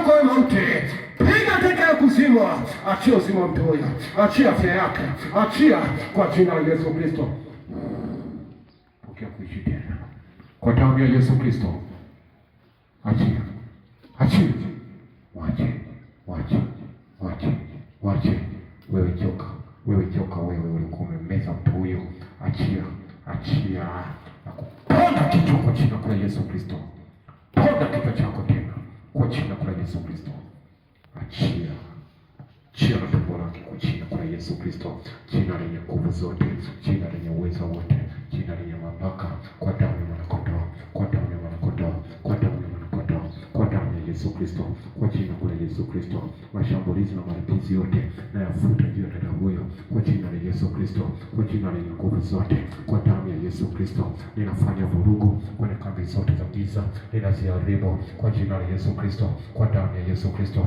yako wewe mauti, piga teke ya kuzimwa, achia uzima mtu huyo, achia afya yake, achia kwa jina la Yesu Kristo. Pokea kuishi tena kwa damu ya Yesu Kristo, achia, achia, wache, wache, wache, wache. Wewe joka, wewe joka, wewe ulikuwa umemmeza mtu huyo, achia, achia na kuponda kichwa kwa jina la Yesu. Yesu Kristo, achia chia na tumbo lake chini kwa Yesu Kristo, jina lenye nguvu zote, jina lenye uwezo wote, jina lenye mamlaka, kwa damu ya mwanakondoo, kwa damu ya mwanakondoo, kwa damu ya mwanakondoo, kwa damu ya Yesu Kristo, kwa jina la Yesu Kristo, mashambulizi na maripizi yote na yafuta juu ya dada huyo, kwa jina la Yesu Kristo, kwa jina lenye nguvu zote, kwa damu ya Yesu Kristo, ninafanya vurugu giza linaziadhibu kwa jina la Yesu Kristo, kwa damu ya Yesu Kristo.